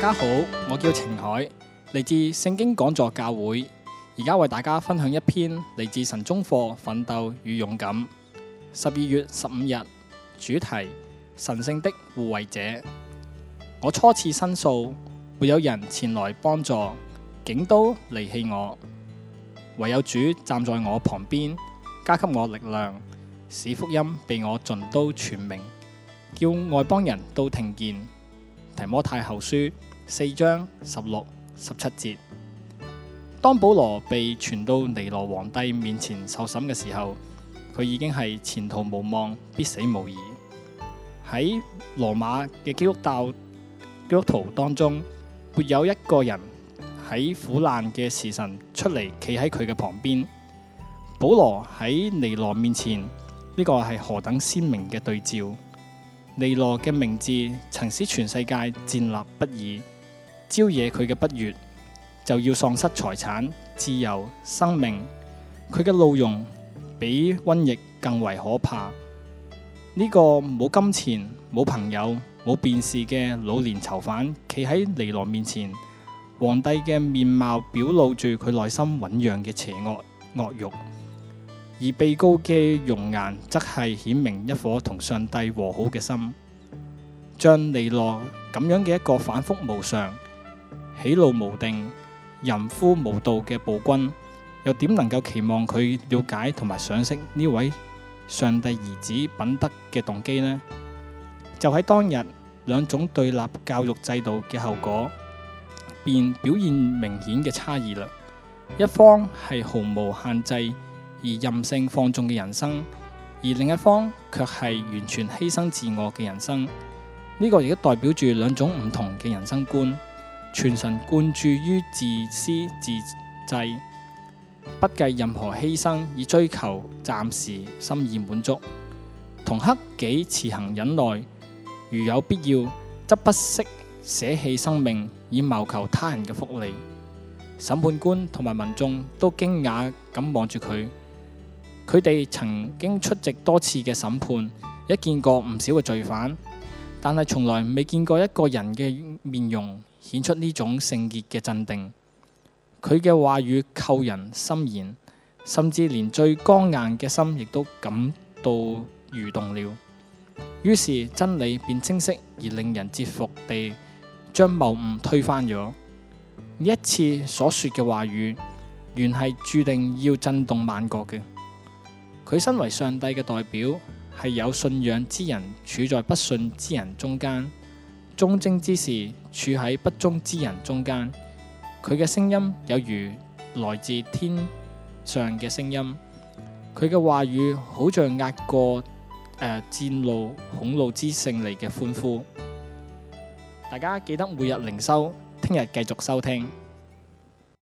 大家好，我叫程海，嚟自聖經講座教會，而家為大家分享一篇嚟自神中課《奮鬥與勇敢》。十二月十五日主題：神聖的護衛者。我初次申訴，沒有人前來幫助，竟都離棄我，唯有主站在我旁邊，加給我力量，使福音被我盡都傳明，叫外邦人都聽見。提摩太後書。四章十六、十七節。當保羅被傳到尼羅皇帝面前受審嘅時候，佢已經係前途無望、必死無疑。喺羅馬嘅基督教基督徒當中，沒有一個人喺苦難嘅時辰出嚟企喺佢嘅旁邊。保羅喺尼羅面前，呢、這個係何等鮮明嘅對照。尼羅嘅名字曾使全世界戰慄不已。招惹佢嘅不悅，就要喪失財產、自由、生命。佢嘅怒容比瘟疫更為可怕。呢、這個冇金錢、冇朋友、冇辯士嘅老年囚犯，企喺尼羅面前，皇帝嘅面貌表露住佢內心醞釀嘅邪惡惡欲，而被告嘅容顏則係顯明一顆同上帝和好嘅心。像尼羅咁樣嘅一個反覆無常。喜怒無定、淫夫無道嘅暴君，又點能夠期望佢了解同埋賞識呢位上帝兒子品德嘅動機呢？就喺當日，兩種對立教育制度嘅後果，便表現明顯嘅差異嘞。一方係毫無限制而任性放縱嘅人生，而另一方卻係完全犧牲自我嘅人生。呢個亦都代表住兩種唔同嘅人生觀。全神貫注於自私自製，不計任何犧牲以追求暫時心意滿足，同克己持行忍耐。如有必要，則不惜捨棄生命以謀求他人嘅福利。審判官同埋民眾都驚訝咁望住佢。佢哋曾經出席多次嘅審判，一見過唔少嘅罪犯，但係從來未見過一個人嘅面容，顯出呢種聖潔嘅鎮定，佢嘅話語扣人心弦，甚至連最剛硬嘅心亦都感到蠕動了。於是真理便清晰而令人折服地將謬誤推翻咗。呢一次所說嘅話語，原係注定要震動萬國嘅。佢身為上帝嘅代表，係有信仰之人處在不信之人中間。忠貞之士處喺不忠之人中間，佢嘅聲音有如來自天上嘅聲音，佢嘅話語好像壓過誒戰怒、恐怒之勝利嘅歡呼。大家記得每日靈修，聽日繼續收聽。